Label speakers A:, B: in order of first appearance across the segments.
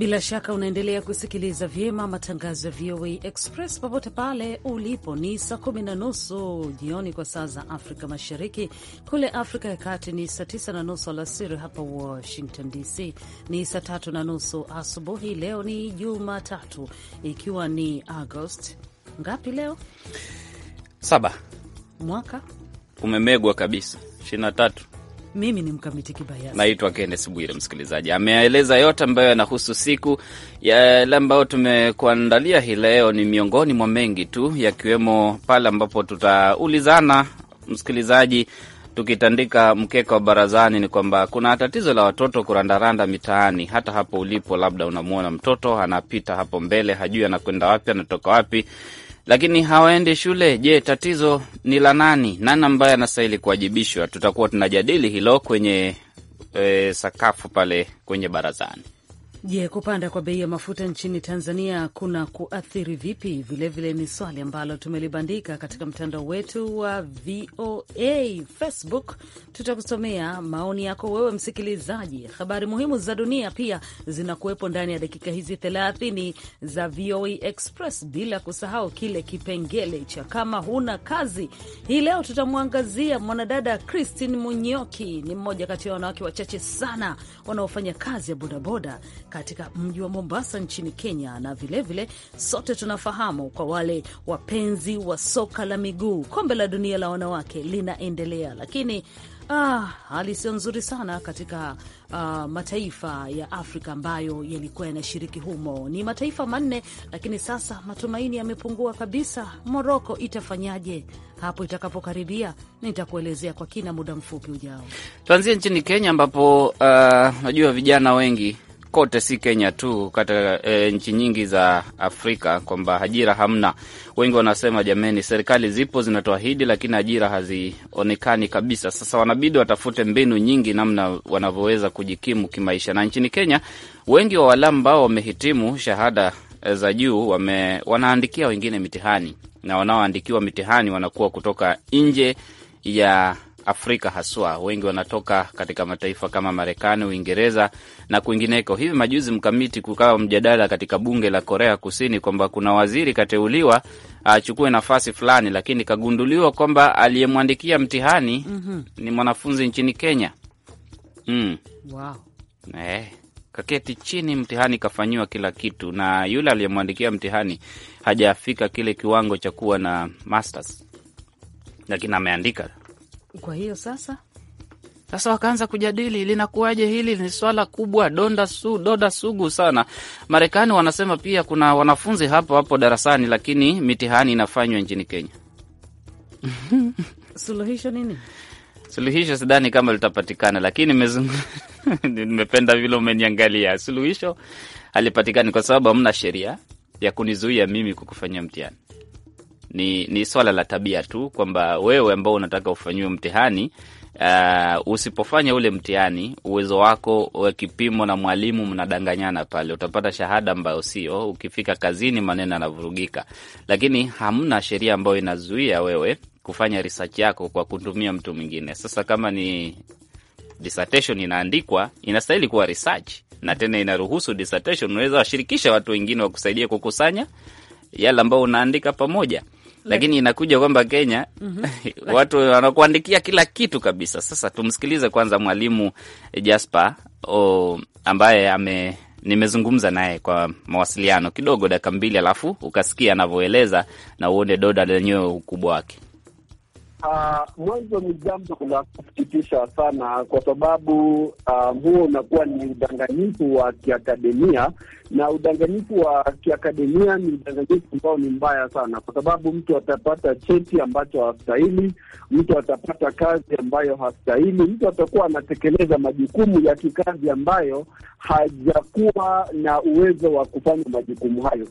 A: Bila shaka unaendelea kusikiliza vyema matangazo ya VOA Express popote pale ulipo. Ni saa kumi na nusu jioni kwa saa za Afrika Mashariki, kule Afrika ya Kati ni saa tisa na nusu alasiri. Hapa Washington DC ni saa tatu na nusu asubuhi. Leo ni Jumatatu, ikiwa ni Agosti ngapi leo? Saba. Mwaka
B: umemegwa kabisa, ishirini na tatu
A: mimi ni Mkamiti Kibayasi,
B: naitwa Kennes Bwire. Msikilizaji ameeleza yote ambayo yanahusu siku yale ambayo tumekuandalia hii leo. Ni miongoni mwa mengi tu, yakiwemo pale ambapo tutaulizana msikilizaji tukitandika mkeka wa barazani, ni kwamba kuna tatizo la watoto kurandaranda mitaani. Hata hapo ulipo, labda unamwona mtoto anapita hapo mbele, hajui anakwenda wapi, anatoka wapi lakini hawaendi shule. Je, tatizo ni la nani? Nani ambaye anastahili kuwajibishwa? Tutakuwa tunajadili hilo kwenye e, sakafu pale kwenye barazani.
A: Je, kupanda kwa bei ya mafuta nchini Tanzania kuna kuathiri vipi? Vilevile ni swali ambalo tumelibandika katika mtandao wetu wa VOA Facebook. Tutakusomea maoni yako wewe msikilizaji. Habari muhimu za dunia pia zinakuwepo ndani ya dakika hizi 30 za VOA Express, bila kusahau kile kipengele cha kama huna kazi. Hii leo tutamwangazia mwanadada Christine Munyoki. Ni mmoja kati ya wanawake wachache sana wanaofanya kazi ya bodaboda katika mji wa Mombasa nchini Kenya, na vilevile vile, sote tunafahamu kwa wale wapenzi wa soka la miguu, kombe la dunia la wanawake linaendelea, lakini ah, hali sio nzuri sana katika Uh, mataifa ya Afrika ambayo yalikuwa yanashiriki humo ni mataifa manne, lakini sasa matumaini yamepungua kabisa. Moroko itafanyaje hapo itakapokaribia? Nitakuelezea kwa kina muda mfupi ujao.
B: Tuanzie nchini Kenya ambapo ah, najua uh, vijana wengi kote, si Kenya tu, kata e, nchi nyingi za Afrika kwamba ajira hamna. Wengi wanasema jameni, serikali zipo zinatoahidi, lakini ajira hazionekani kabisa. Sasa wanabidi watafute mbinu nyingi, namna wanavyoweza kujikimu kimaisha. Na nchini Kenya wengi wa wale ambao wamehitimu shahada eh, za juu wame, wanaandikia wengine mitihani na wanaoandikiwa mitihani wanakuwa kutoka nje ya Afrika haswa, wengi wanatoka katika mataifa kama Marekani, Uingereza na kwingineko. Hivi majuzi mkamiti, kukawa mjadala katika bunge la Korea Kusini kwamba kuna waziri kateuliwa achukue nafasi fulani, lakini kagunduliwa kwamba aliyemwandikia mtihani mm -hmm. ni mwanafunzi nchini Kenya mm. wow. eh. Kaketi chini, mtihani kafanyiwa kila kitu, na yule aliyemwandikia mtihani hajafika kile kiwango cha kuwa na masters, lakini ameandika
A: kwa hiyo sasa
B: sasa wakaanza kujadili linakuwaje hili. Ni swala kubwa, donda su, doda sugu sana. Marekani wanasema pia kuna wanafunzi hapo hapo darasani, lakini mitihani inafanywa nchini Kenya.
A: Suluhisho nini?
B: Suluhisho sidhani kama litapatikana, lakini nimependa vile umeniangalia. Suluhisho halipatikani kwa sababu hamna sheria ya kunizuia mimi kukufanyia mtihani. Ni, ni swala la tabia tu kwamba wewe ambao unataka ufanyiwe mtihani uh, usipofanya ule mtihani uwezo wako we kipimo na mwalimu, mnadanganyana pale, utapata shahada ambayo sio. Ukifika kazini, maneno yanavurugika, lakini hamna sheria ambayo inazuia wewe kufanya research yako kwa kutumia mtu mwingine. Sasa kama ni dissertation inaandikwa, inastahili kuwa research na tena inaruhusu dissertation, unaweza washirikisha watu wengine wakusaidia kukusanya yale ambayo unaandika pamoja lakini inakuja kwamba Kenya mm -hmm. watu wanakuandikia kila kitu kabisa. Sasa tumsikilize kwanza mwalimu Jasper ambaye ame nimezungumza naye kwa mawasiliano kidogo dakika mbili, alafu ukasikia anavyoeleza na uone doda lenyewe ukubwa wake.
C: Uh, mwanzo ni jambo la kusikitisha sana, kwa sababu ah, huo uh, unakuwa ni udanganyifu wa kiakademia, na udanganyifu wa kiakademia ni udanganyifu ambao ni mbaya sana, kwa sababu mtu atapata cheti ambacho hastahili, mtu atapata kazi ambayo hastahili, mtu atakuwa anatekeleza majukumu ya kikazi ambayo hajakuwa na uwezo wa kufanya majukumu hayo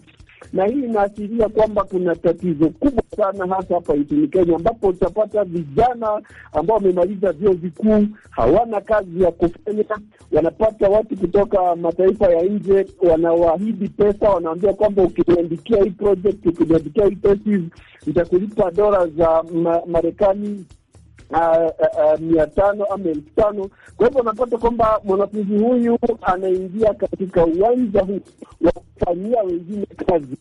C: na hii inaashiria kwamba kuna tatizo kubwa sana hasa hapa nchini Kenya, ambapo utapata vijana ambao wamemaliza vyuo vikuu hawana kazi ya kufanya. Wanapata watu kutoka mataifa ya nje, wanawaahidi pesa, wanaambia kwamba ukiniandikia hii project, ukiniandikia hii thesis, nitakulipa dola za Marekani Eh, eh, mia tano ama elfu tano. Kwa hivyo unapata kwamba mwanafunzi huyu anaingia katika uwanja huu wa kufanyia wengine kazi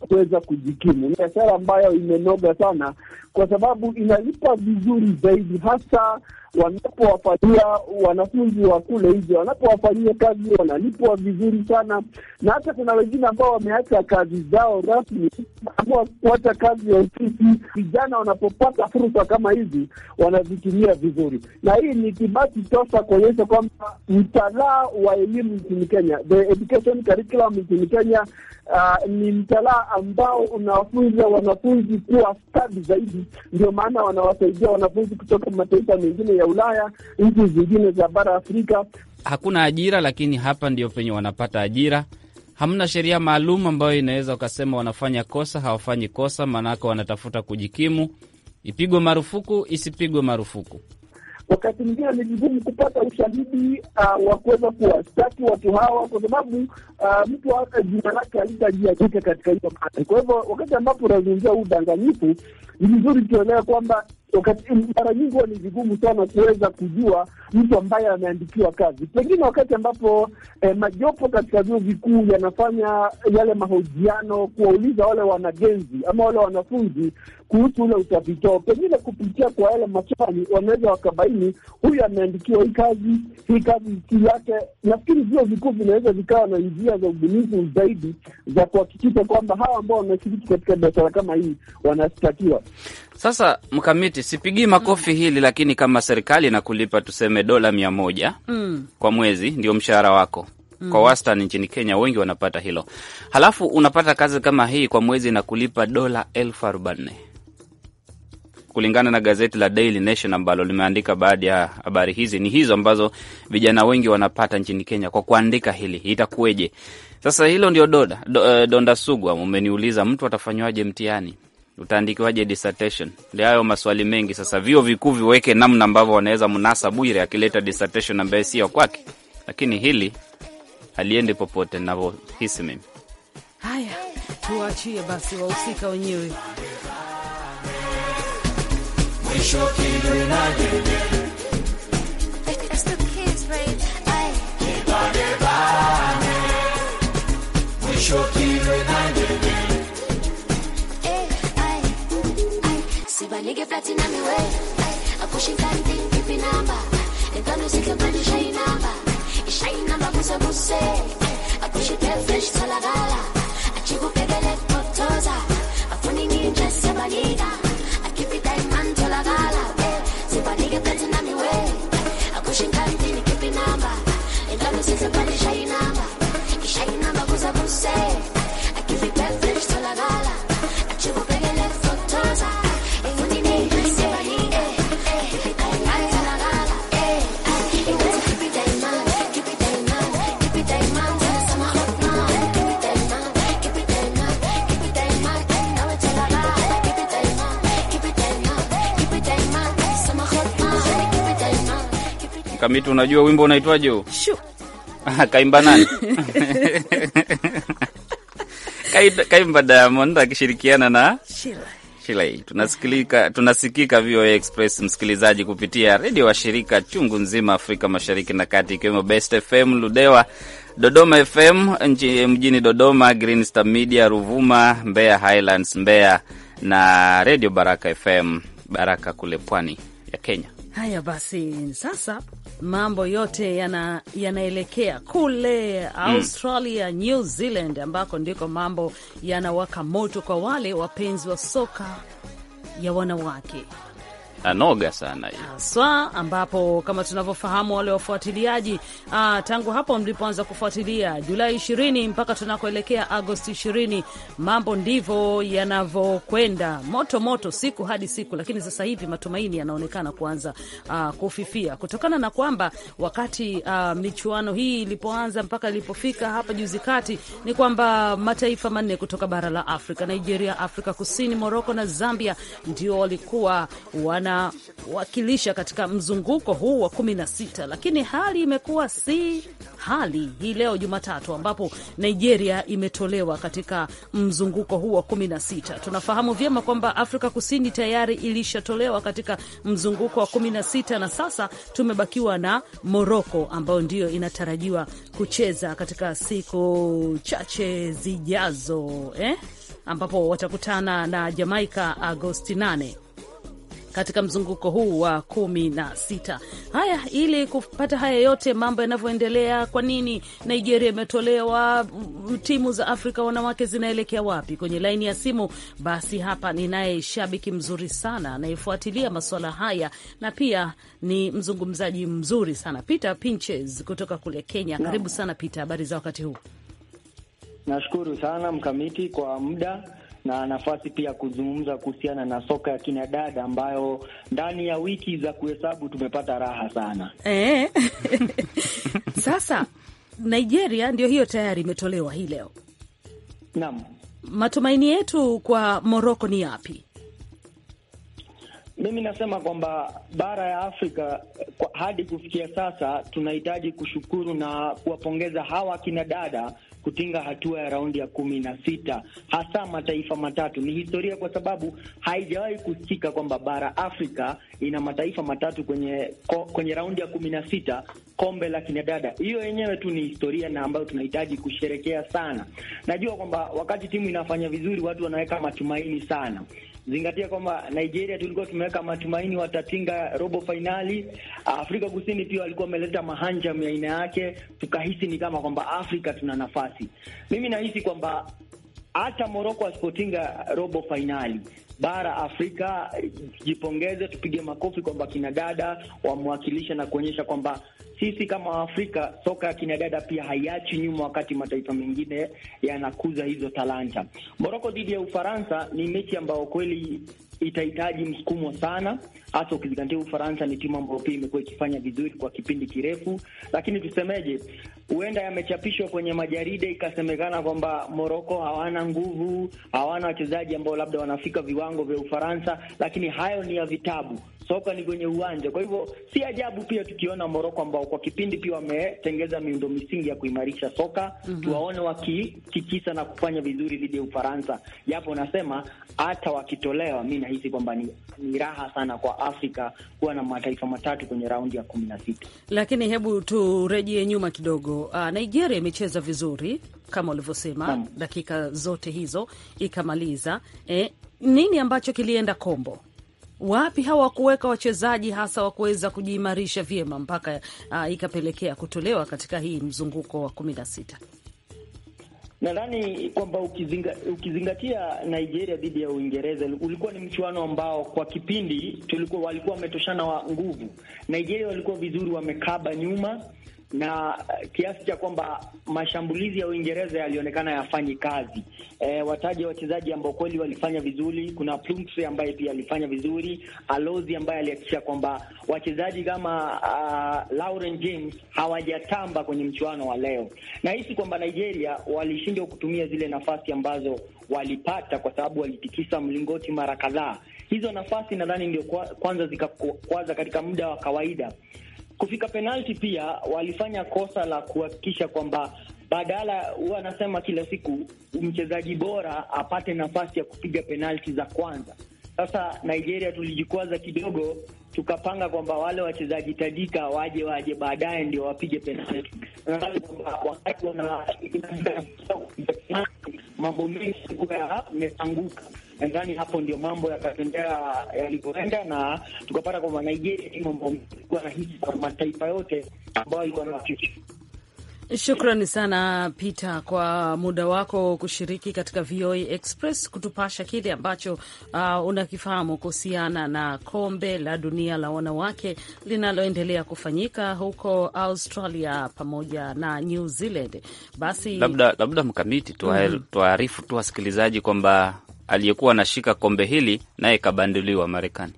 C: kuweza kujikimu. Biashara ambayo imenoga sana kwa sababu inalipa vizuri zaidi, hasa wanapowafanyia wanafunzi wa kule hivyo, wanapowafanyia kazi wanalipwa vizuri sana, na hata kuna wengine ambao wameacha kazi zao rasmi, ambao kuacha kazi ya ofisi. Vijana wanapopata fursa kama hizi wanazitumia vizuri, na hii ni kibati tosha kuonyesha kwamba mtalaa wa elimu nchini Kenya, the education curriculum nchini Kenya, uh, ni mtalaa ambao unawafunza wanafunzi kuwa stadi zaidi ndio maana wanawasaidia wanafunzi kutoka mataifa mengine ya Ulaya, nchi zingine za bara Afrika.
B: Hakuna ajira, lakini hapa ndio penye wanapata ajira. Hamna sheria maalum ambayo inaweza ukasema wanafanya kosa, hawafanyi kosa, maanake wanatafuta kujikimu. Ipigwe marufuku, isipigwe marufuku?
C: wakati mwingine ni vigumu kupata ushahidi uh, wa kuweza kuwashtaki watu hawa, kwa sababu uh, mtu hata jina lake halitajiandika katika hiyo mada. Kwa hivyo wakati ambapo unazungumzia huu udanganyifu, ni vizuri tuelewe kwamba mara nyingi huwa ni vigumu sana kuweza kujua mtu ambaye ameandikiwa kazi. Pengine wakati ambapo eh, majopo katika vyuo vikuu yanafanya yale mahojiano, kuwauliza wale wanagenzi ama wale wanafunzi kuhusu ule utafiti wao, pengine kupitia kwa yale maswali wanaweza wakabaini huyu ameandikiwa hii kazi, hii kazi si yake. Nafikiri vyuo vikuu vinaweza vikawa na njia za ubunifu zaidi za kuhakikisha kwamba hawa ambao wanashiriki katika biashara kama hii wanastakiwa.
B: Sasa mkamiti, sipigii makofi mm. hili lakini, kama serikali inakulipa tuseme dola mia moja mm. kwa mwezi, ndio mshahara wako mm. kwa wastani nchini Kenya wengi wanapata hilo, halafu unapata kazi kama hii kwa mwezi inakulipa dola elfu arobaini kulingana na gazeti la Daily Nation ambalo limeandika baadhi ya habari hizi. Ni hizo ambazo vijana wengi wanapata nchini Kenya kwa kuandika hili, itakuweje? Sasa hilo ndio doda, do, eh, donda sugwa. Umeniuliza mtu atafanywaje mtihani utaandikiwaje dissertation? Ndio hayo maswali mengi. Sasa vyuo vikuu viweke namna ambavyo wanaweza mnasa Bwire akileta dissertation ambaye sio kwake, lakini hili haliendi popote navyohisi mimi.
A: Haya, tuwaachie basi wahusika wenyewe.
D: Banige platinum iwe eh, eh. akushikani vipi namba Entano usike kwani shai namba Ishai namba buse buse eh, Akushite fresh salagala Achikupegele kutoza Akuninginje sebaniga Akipita iman tolagala Sebanige platinum iwe Akushikani vipi namba Entano usike kwani shai
B: Mkamiti, unajua wimbo unaitwaje huu? Kaimba nani? Kaimba Diamond akishirikiana na Tunasikika, tunasikika VOA Express msikilizaji, kupitia redio wa shirika chungu nzima Afrika Mashariki na Kati, ikiwemo Best FM Ludewa, Dodoma FM mjini Dodoma, Green Star Media Ruvuma, Mbeya Highlands Mbeya na redio Baraka FM Baraka kule pwani ya Kenya.
A: Haya basi, sasa mambo yote yana, yanaelekea kule hmm. Australia, mm. New Zealand ambako ndiko mambo yanawaka moto kwa wale wapenzi wa soka ya wanawake
B: Anoga sana
A: haswa, ambapo kama tunavyofahamu wale wafuatiliaji ah, tangu hapo mlipoanza kufuatilia Julai ishirini mpaka tunakoelekea Agosti ishirini mambo ndivyo yanavyokwenda moto moto, siku hadi siku, lakini sasa hivi matumaini yanaonekana kuanza ah, kufifia kutokana na kwamba wakati ah, michuano hii ilipoanza mpaka ilipofika hapa juzi kati, ni kwamba mataifa manne kutoka bara la Afrika, Nigeria, Afrika Kusini, Moroko na Zambia ndio walikuwa wana wanawakilisha katika mzunguko huu wa kumi na sita, lakini hali imekuwa si hali hii leo Jumatatu ambapo Nigeria imetolewa katika mzunguko huu wa kumi na sita. Tunafahamu vyema kwamba Afrika Kusini tayari ilishatolewa katika mzunguko wa kumi na sita na sasa tumebakiwa na Moroko ambayo ndiyo inatarajiwa kucheza katika siku chache zijazo eh, ambapo watakutana na Jamaika Agosti 8 katika mzunguko huu wa kumi na sita. Haya, ili kupata haya yote mambo yanavyoendelea, kwa nini Nigeria imetolewa, timu za Afrika wanawake zinaelekea wapi, kwenye laini ya simu basi hapa ninaye shabiki mzuri sana anayefuatilia masuala haya na pia ni mzungumzaji mzuri sana Peter Pinches kutoka kule Kenya. Karibu sana Peter, habari za wakati huu?
E: Nashukuru sana Mkamiti kwa muda na nafasi pia kuzungumza kuhusiana na soka ya kina dada ambayo ndani ya wiki za kuhesabu tumepata raha sana
A: e. Sasa Nigeria ndio hiyo tayari imetolewa hii leo. Naam, matumaini yetu kwa Moroko ni yapi?
E: Mimi nasema kwamba bara ya Afrika kwa hadi kufikia sasa tunahitaji kushukuru na kuwapongeza hawa kina dada kutinga hatua ya raundi ya kumi na sita, hasa mataifa matatu. Ni historia kwa sababu haijawahi kusikika kwamba bara Afrika ina mataifa matatu kwenye, kwenye raundi ya kumi na sita kombe la kina dada. Hiyo yenyewe tu ni historia na ambayo tunahitaji kusherekea sana. Najua kwamba wakati timu inafanya vizuri watu wanaweka matumaini sana zingatia kwamba Nigeria tulikuwa tumeweka matumaini watatinga robo fainali. Afrika Kusini pia walikuwa wameleta mahanja ya aina yake, tukahisi ni kama kwamba Afrika tuna nafasi. Mimi nahisi kwamba hata Moroko asipotinga robo fainali bara Afrika jipongeze, tupige makofi kwamba kina dada wamewakilisha na kuonyesha kwamba sisi kama Waafrika soka ya kina dada pia haiachi nyuma, wakati mataifa mengine yanakuza hizo talanta. Moroko dhidi ya Ufaransa ni mechi ambayo kweli itahitaji msukumo sana, hasa ukizingatia Ufaransa ni timu ambayo pia imekuwa ikifanya vizuri kwa kipindi kirefu. Lakini tusemeje, huenda yamechapishwa kwenye majarida ikasemekana kwamba Moroko hawana nguvu, hawana wachezaji ambao labda wanafika viwango vya Ufaransa, lakini hayo ni ya vitabu soka ni kwenye uwanja. Kwa hivyo si ajabu pia tukiona Moroko ambao kwa kipindi pia wametengeza miundo misingi ya kuimarisha soka mm -hmm. tuwaone wakitikisa na kufanya vizuri dhidi ya Ufaransa, japo nasema hata wakitolewa, mi nahisi kwamba ni, ni raha sana kwa Afrika kuwa na mataifa matatu kwenye raundi ya kumi na sita.
A: Lakini hebu turejee nyuma kidogo. Aa, ah, Nigeria imecheza vizuri kama ulivyosema, dakika zote hizo ikamaliza. Eh, nini ambacho kilienda kombo wapi hawakuweka wachezaji hasa wa kuweza kujiimarisha vyema mpaka uh, ikapelekea kutolewa katika hii mzunguko wa kumi na sita.
E: Nadhani kwamba ukizinga, ukizingatia Nigeria dhidi ya Uingereza ulikuwa ni mchuano ambao kwa kipindi tulikuwa walikuwa wametoshana wa nguvu. Nigeria walikuwa vizuri, wamekaba nyuma na eh, kiasi cha kwamba mashambulizi ya Uingereza yalionekana yafanyi kazi. E, eh, wataje wachezaji ambao kweli walifanya vizuri. Kuna Plumtree ambaye pia alifanya vizuri, Alozi ambaye alihakikisha kwamba wachezaji kama uh, ah, Lauren James hawajatamba kwenye mchuano wa leo. Nahisi kwamba Nigeria walishindwa kutumia zile nafasi ambazo walipata kwa sababu walitikisa mlingoti mara kadhaa. Hizo nafasi nadhani ndio kwanza zikakwaza katika muda wa kawaida Kufika penalti pia walifanya kosa la kuhakikisha kwamba badala, huwa anasema kila siku mchezaji bora apate nafasi ya kupiga penalti za kwanza. Sasa Nigeria tulijikwaza kidogo, tukapanga kwamba wale wachezaji tajika waje waje baadaye ndio wapige penalti. wakati mambo mengi yalikuwa yamepanguka. Nadhani hapo ndio mambo yakatendea yalivyoenda, na tukapata kwamba Nigeria ni mambo mengi ilikuwa rahisi kwa mataifa yote ambayo ilikuwa na
A: Shukrani sana Peter kwa muda wako kushiriki katika VOA Express kutupasha kile ambacho uh, unakifahamu kuhusiana na kombe la dunia la wanawake linaloendelea kufanyika huko Australia pamoja na New Zealand. Basi labda,
B: labda mkamiti mhm. tuwaarifu mm, tu wasikilizaji kwamba aliyekuwa anashika kombe hili naye kabanduliwa Marekani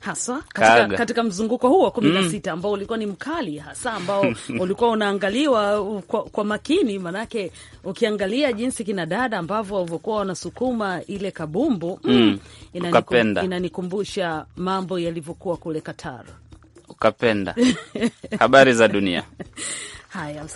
A: hasa katika, katika mzunguko huu wa kumi na mm. sita ambao ulikuwa ni mkali hasa ambao ulikuwa unaangaliwa uh, kwa, kwa makini, manake ukiangalia jinsi kina dada ambavyo walivyokuwa wanasukuma ile kabumbu mm, mm inanikum, inanikumbusha mambo yalivyokuwa kule Qatar.
B: Ukapenda habari za dunia. Haya,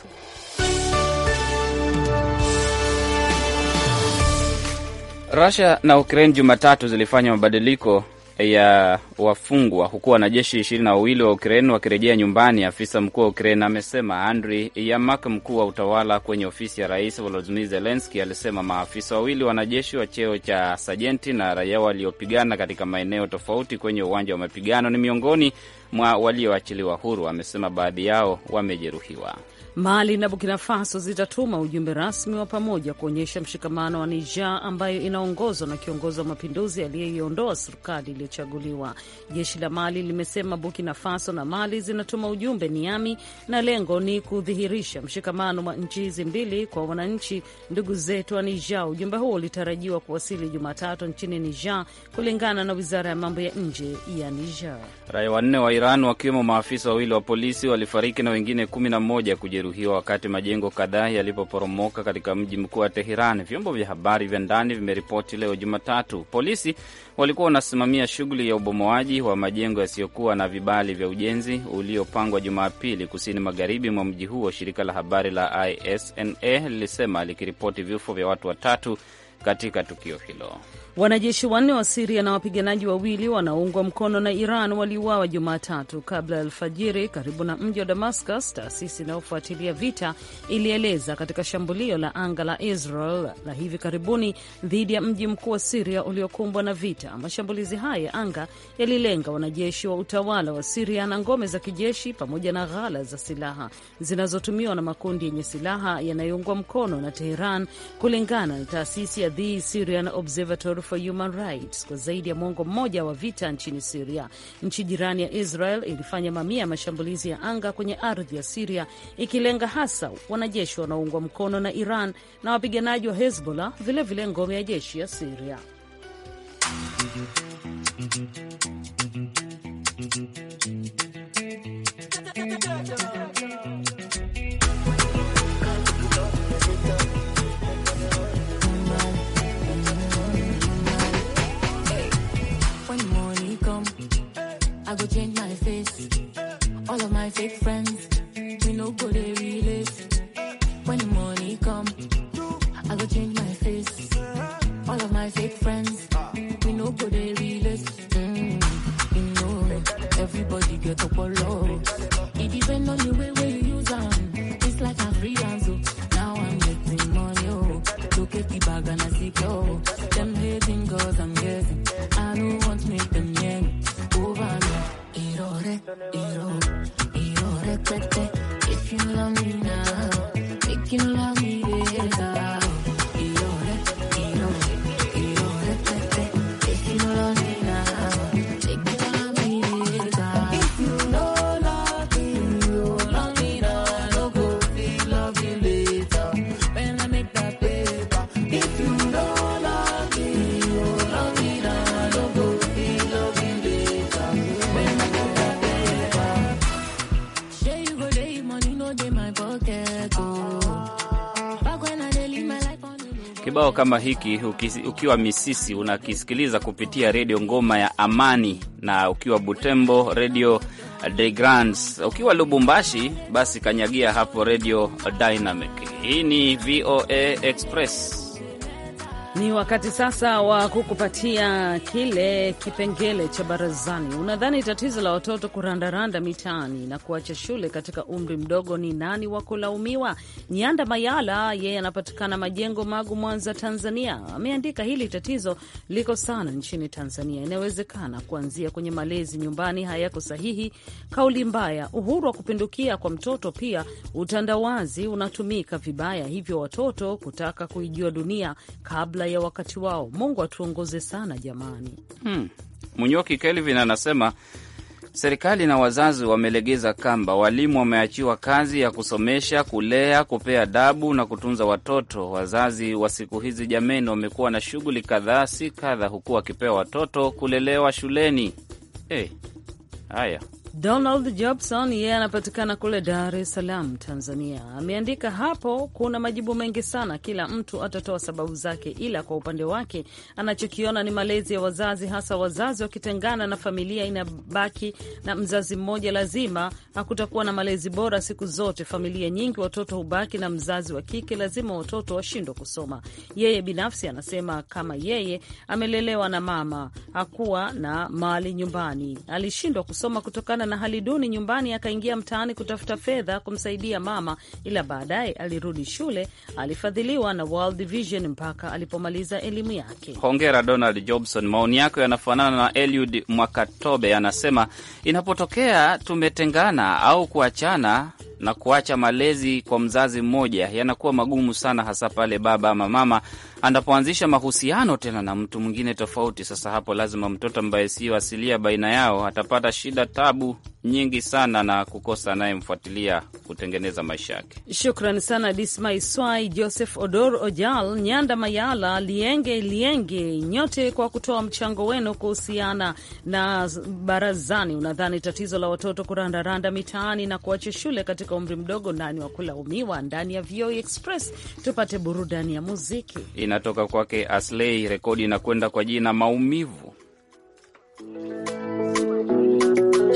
B: Rusia na Ukraine Jumatatu zilifanya mabadiliko ya wafungwa huku wanajeshi ishirini na wawili wa Ukraine wakirejea nyumbani. Afisa mkuu wa Ukraine amesema. Andri Yamak, mkuu wa utawala kwenye ofisi ya rais Volodimir Zelenski, alisema maafisa wawili wanajeshi wa cheo cha sajenti na raia waliopigana katika maeneo tofauti kwenye uwanja wa mapigano ni miongoni mwa walioachiliwa huru. Amesema baadhi yao wamejeruhiwa.
A: Mali na Burkina Faso zitatuma ujumbe rasmi wa pamoja kuonyesha mshikamano wa Niger ambayo inaongozwa na kiongozi wa mapinduzi aliyeiondoa serikali iliyochaguliwa. Jeshi la Mali limesema Burkina Faso na Mali zinatuma ujumbe Niami, na lengo ni kudhihirisha mshikamano wa nchi hizi mbili kwa wananchi ndugu zetu wa Niger. Ujumbe huo ulitarajiwa kuwasili Jumatatu nchini Niger, kulingana na wizara ya mambo ya nje ya Niger.
B: Raia wanne wa Iran wakiwemo maafisa wawili wa polisi walifariki na wengine kumi na moja walijeruhiwa wakati majengo kadhaa yalipoporomoka katika mji mkuu wa Teheran. Vyombo vya habari vya ndani vimeripoti leo Jumatatu polisi walikuwa wanasimamia shughuli ya ubomoaji wa majengo yasiyokuwa na vibali vya ujenzi uliopangwa Jumapili kusini magharibi mwa mji huo, shirika la habari la ISNA lilisema likiripoti vifo vya watu watatu katika tukio hilo.
A: Wanajeshi wanne wa Siria na wapiganaji wawili wanaoungwa mkono na Iran waliuawa Jumatatu kabla ya alfajiri karibu na mji wa Damascus, taasisi inayofuatilia vita ilieleza katika shambulio la anga la Israel la hivi karibuni dhidi ya mji mkuu wa Siria uliokumbwa na vita. Mashambulizi haya ya anga yalilenga wanajeshi wa utawala wa Siria na ngome za kijeshi pamoja na ghala za silaha zinazotumiwa na makundi yenye silaha yanayoungwa mkono na Teheran, kulingana na taasisi ya The Syrian Observatory Call for Human Rights kwa zaidi ya mwongo mmoja wa vita nchini Siria. Nchi jirani ya Israel ilifanya mamia ya mashambulizi ya anga kwenye ardhi ya Siria, ikilenga hasa wanajeshi wanaoungwa mkono na Iran na wapiganaji wa Hezbollah, vilevile ngome ya jeshi ya Siria.
D: I go change my face. All of my fake friends, we no go there.
B: kibao kama hiki ukiwa Misisi unakisikiliza kupitia redio Ngoma ya Amani, na ukiwa Butembo redio De Grands, ukiwa Lubumbashi basi kanyagia hapo redio Dynamic. Hii ni VOA Express.
A: Ni wakati sasa wa kukupatia kile kipengele cha barazani. Unadhani tatizo la watoto kurandaranda mitaani na kuacha shule katika umri mdogo ni nani wa kulaumiwa? Nyanda Mayala, yeye anapatikana Majengo, Magu, Mwanza, Tanzania, ameandika hili tatizo liko sana nchini Tanzania. Inawezekana kuanzia kwenye malezi nyumbani hayako sahihi, kauli mbaya, uhuru wa kupindukia kwa mtoto, pia utandawazi unatumika vibaya, hivyo watoto kutaka kuijua dunia kabla ya wakati wao. Mungu atuongoze sana jamani.
B: Hmm. Munyoki Kelvin anasema serikali na wazazi wamelegeza kamba, walimu wameachiwa kazi ya kusomesha, kulea, kupea adabu na kutunza watoto. Wazazi wa siku hizi jameni, wamekuwa na shughuli kadhaa si kadha, huku wakipewa watoto kulelewa shuleni. Hey, eh, haya
A: Donald Jobson yeye anapatikana kule Dar es Salaam, Tanzania. Ameandika hapo, kuna majibu mengi sana, kila mtu atatoa sababu zake, ila kwa upande wake anachokiona ni malezi ya wazazi, hasa wazazi wakitengana na familia inabaki na mzazi mmoja, lazima hakutakuwa na malezi bora siku zote. Familia nyingi watoto hubaki na mzazi wa kike, lazima watoto washindwa kusoma. Yeye binafsi anasema kama yeye amelelewa na mama, hakuwa na mali nyumbani, alishindwa kusoma kutokana kutokana na hali duni nyumbani akaingia mtaani kutafuta fedha kumsaidia mama, ila baadaye alirudi shule. Alifadhiliwa na World Vision mpaka alipomaliza elimu yake.
B: Hongera Donald Jobson. Maoni yako yanafanana na Eliud Mwakatobe, anasema inapotokea tumetengana au kuachana na kuacha malezi kwa mzazi mmoja yanakuwa magumu sana, hasa pale baba ama mama anapoanzisha mahusiano tena na mtu mwingine tofauti. Sasa hapo lazima mtoto ambaye sio asilia baina yao atapata shida, tabu nyingi sana na kukosa anayemfuatilia kutengeneza maisha yake.
A: Shukran sana dismay swai Joseph Odor Ojal, Nyanda Mayala, Lienge Lienge, nyote kwa kutoa mchango wenu kuhusiana na barazani. Unadhani tatizo la watoto kurandaranda mitaani na kuacha shule katika umri mdogo, nani wa kulaumiwa? Ndani ya VOA e Express tupate burudani ya muziki,
B: inatoka kwake Aslei Rekodi inakwenda kwa jina Maumivu.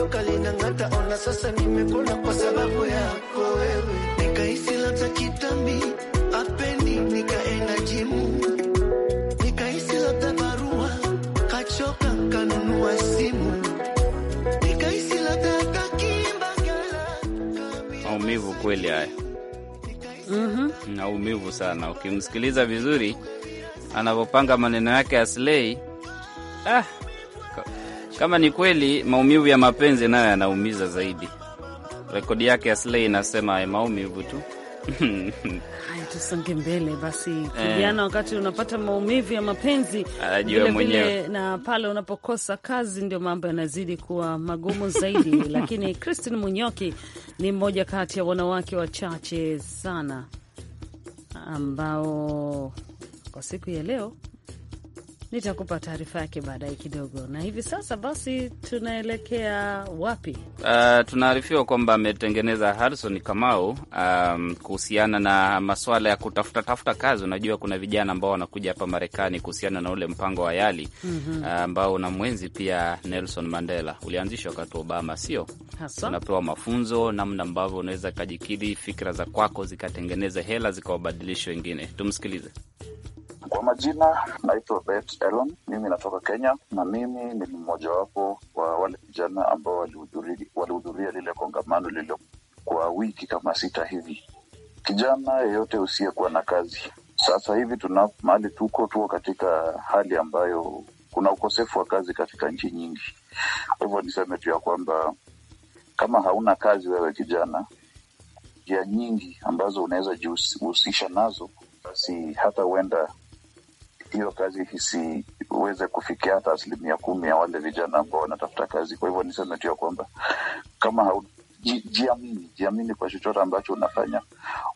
F: joka linang'ata, ona sasa nimekona kwa sababu yako wewe, nikahisi labda kitambi apeni, nikaenda jimu, nikahisi labda barua kachoka, kanunua simu, nikahisi labda
B: maumivu kweli haya. Mm -hmm. Na sana ukimsikiliza vizuri anavyopanga maneno yake Aslei. Ah, kama ni kweli, maumivu ya mapenzi nayo yanaumiza zaidi. Rekodi yake ya Slay inasema maumivu tu.
A: Haya, tusonge mbele basi, eh. kijana. Wakati unapata maumivu ya mapenzi vilevile, na pale unapokosa kazi, ndio mambo yanazidi kuwa magumu zaidi. Lakini Christine Munyoki ni mmoja kati ya wanawake wachache sana ambao kwa siku ya leo Nitakupa taarifa yake baadaye kidogo. Na hivi sasa basi, tunaelekea wapi?
B: Uh, tunaarifiwa kwamba ametengeneza Harison Kamau um, kuhusiana na maswala ya kutafuta tafuta kazi. Unajua kuna vijana ambao wanakuja hapa Marekani kuhusiana na ule mpango wa YALI mhm. uh, ambao mm -hmm. uh, una mwenzi pia Nelson Mandela ulianzishwa wakati wa Obama, sio Unapewa mafunzo namna ambavyo unaweza kajikidhi fikra za kwako zikatengeneza hela zikawabadilisha wengine. Tumsikilize.
G: Kwa majina naitwa Bet Elon, mimi natoka Kenya na mimi ni mmojawapo wa wale vijana ambao walihudhuria lile kongamano kwa wiki kama sita hivi. Kijana yeyote usiyekuwa na kazi sasa hivi, tuna mahali tuko, tuko katika hali ambayo kuna ukosefu wa kazi katika nchi nyingi. Kwa hivyo niseme tu ya kwamba kama hauna kazi wewe kijana, njia nyingi ambazo unaweza jihusisha nazo, basi hata huenda hiyo kazi isiweze kufikia hata asilimia kumi ya wale vijana ambao wanatafuta kazi. Kwa hivyo niseme tu ya kwamba kama hau jiamini, jiamini kwa chochote ambacho unafanya,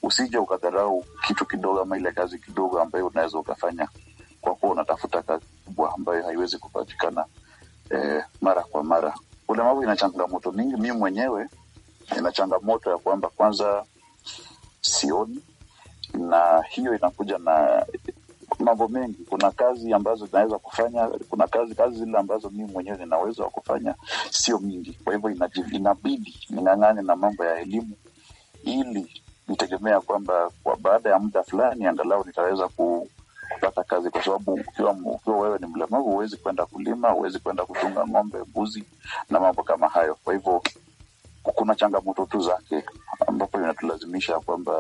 G: usije ukadharau kitu kidogo ama ile kazi kidogo ambayo unaweza ukafanya, kwa kuwa unatafuta kazi kubwa ambayo haiwezi kupatikana eh, mara kwa mara. Ulemavu ina changamoto mingi, mi mwenyewe ina changamoto ya kwamba kwanza sioni, na hiyo inakuja na mambo mengi. Kuna kazi ambazo zinaweza kufanya, kuna kazi kazi zile ambazo mimi mwenyewe nina uwezo wa kufanya sio mingi. Kwa hivyo inabidi ning'ang'ane na mambo ya elimu ili nitegemea kwamba kwa baada ya muda fulani angalau nitaweza ku, kupata kazi, kwa sababu ukiwa, ukiwa wewe ni mlemavu huwezi kwenda kulima, huwezi kwenda kuchunga ng'ombe, mbuzi na mambo kama hayo. Kwa hivyo kuna changamoto tu zake, ambapo inatulazimisha kwamba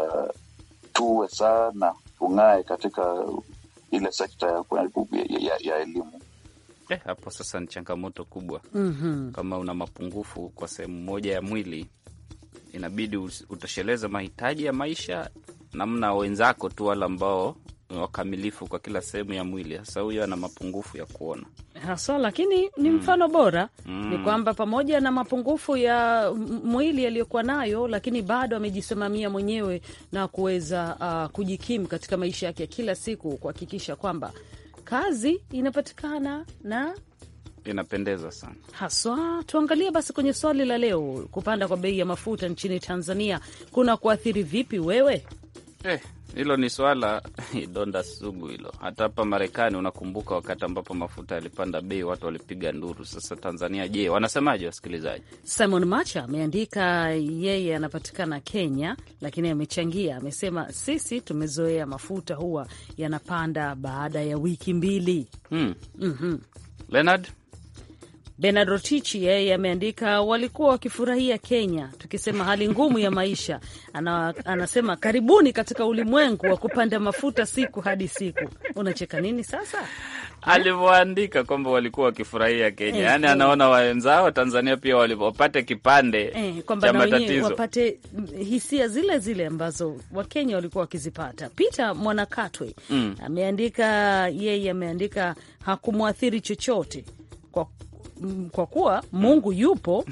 G: tuwe sana tung'ae katika ile sekta ya, ya, ya elimu.
B: Eh, hapo sasa ni changamoto kubwa. mm -hmm. Kama una mapungufu kwa sehemu moja ya mwili inabidi utosheleza mahitaji ya maisha namna wenzako tu wale ambao wakamilifu kwa kila sehemu ya mwili. Sasa huyo ana mapungufu ya kuona
A: haswa, lakini ni hmm. mfano bora mm. ni kwamba pamoja na mapungufu ya mwili yaliyokuwa nayo, lakini bado amejisimamia mwenyewe na kuweza uh, kujikimu katika maisha yake ya kila siku, kuhakikisha kwamba kazi inapatikana na
B: inapendeza sana
A: haswa. Tuangalie basi kwenye swali la leo, kupanda kwa bei ya mafuta nchini Tanzania kuna kuathiri vipi wewe? Eh,
B: hilo ni swala donda sugu hilo. Hata hapa Marekani unakumbuka wakati ambapo mafuta yalipanda bei, watu walipiga nduru. Sasa Tanzania, je, wanasemaje wasikilizaji?
A: Simon Macha ameandika, yeye anapatikana Kenya, lakini amechangia, amesema sisi tumezoea mafuta huwa yanapanda baada ya wiki mbili. hmm. mm -hmm. Leonard Bernard Rotichi yeye ameandika, walikuwa wakifurahia Kenya tukisema hali ngumu ya maisha. Ana, anasema karibuni katika ulimwengu wa kupanda mafuta siku hadi siku. Unacheka nini sasa?
B: Alivyoandika kwamba walikuwa wakifurahia Kenya, eh, yaani eh. anaona wenzao Tanzania pia wapate kipande eh, cha matatizo, wapate
A: hisia zile zile ambazo Wakenya walikuwa wakizipata. Peter Mwanakatwe mm, ameandika yeye ameandika hakumwathiri chochote kwa Mm, kwa kuwa Mungu yupo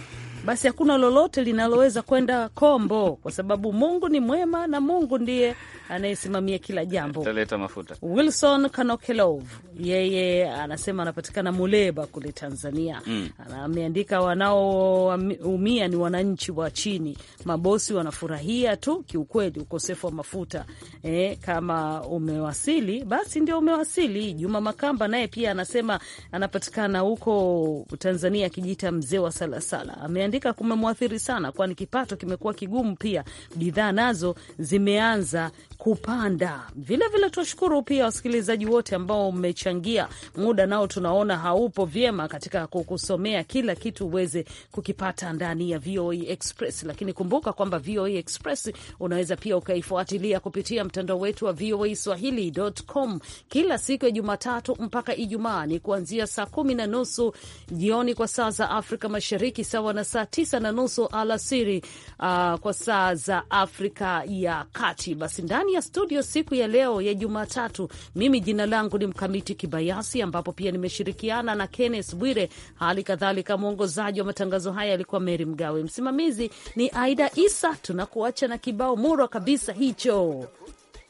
A: basi hakuna lolote linaloweza kwenda kombo, kwa sababu Mungu ni mwema na Mungu ndiye anayesimamia kila jambo
B: taleta mafuta.
A: Wilson Kanokelov, yeye anasema anapatikana Muleba kule Tanzania. Mm. Ameandika wanaoumia ni wananchi wa chini, mabosi wanafurahia tu kiukweli ukosefu wa mafuta. E, kama umewasili basi ndio umewasili. Juma Makamba naye pia anasema anapatikana huko Tanzania, akijiita mzee wa Salasala, ameandika kumemwathiri sana, kwani kipato kimekuwa kigumu, pia bidhaa nazo zimeanza kupanda. Vilevile tuwashukuru pia wasikilizaji wote ambao mmechangia muda, nao tunaona haupo vyema katika kukusomea kila kitu uweze kukipata ndani ya VOA e Express, lakini kumbuka kwamba VOA e Express unaweza pia ukaifuatilia kupitia mtandao wetu wa VOA e Swahili.com kila siku ya Jumatatu mpaka Ijumaa ni kuanzia saa kumi na nusu jioni kwa saa za Afrika Mashariki, sawa na saa tisa na nusu alasiri uh, kwa saa za Afrika ya Kati. Basi ndani ndani ya studio siku ya leo ya Jumatatu. Mimi jina langu ni Mkamiti Kibayasi, ambapo pia nimeshirikiana na Kennes Bwire. Hali kadhalika mwongozaji wa matangazo haya alikuwa Meri Mgawe, msimamizi ni Aida Isa. Tunakuacha na kibao murwa kabisa hicho,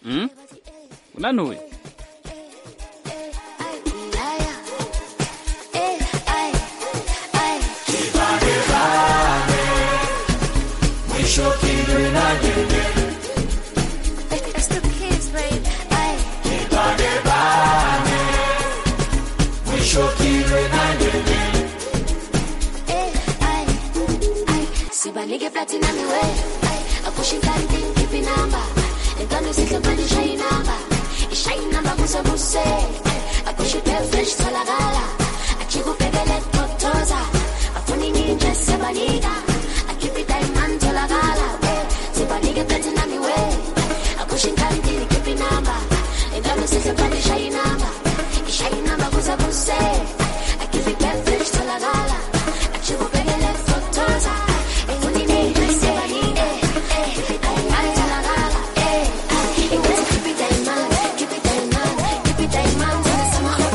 B: mm?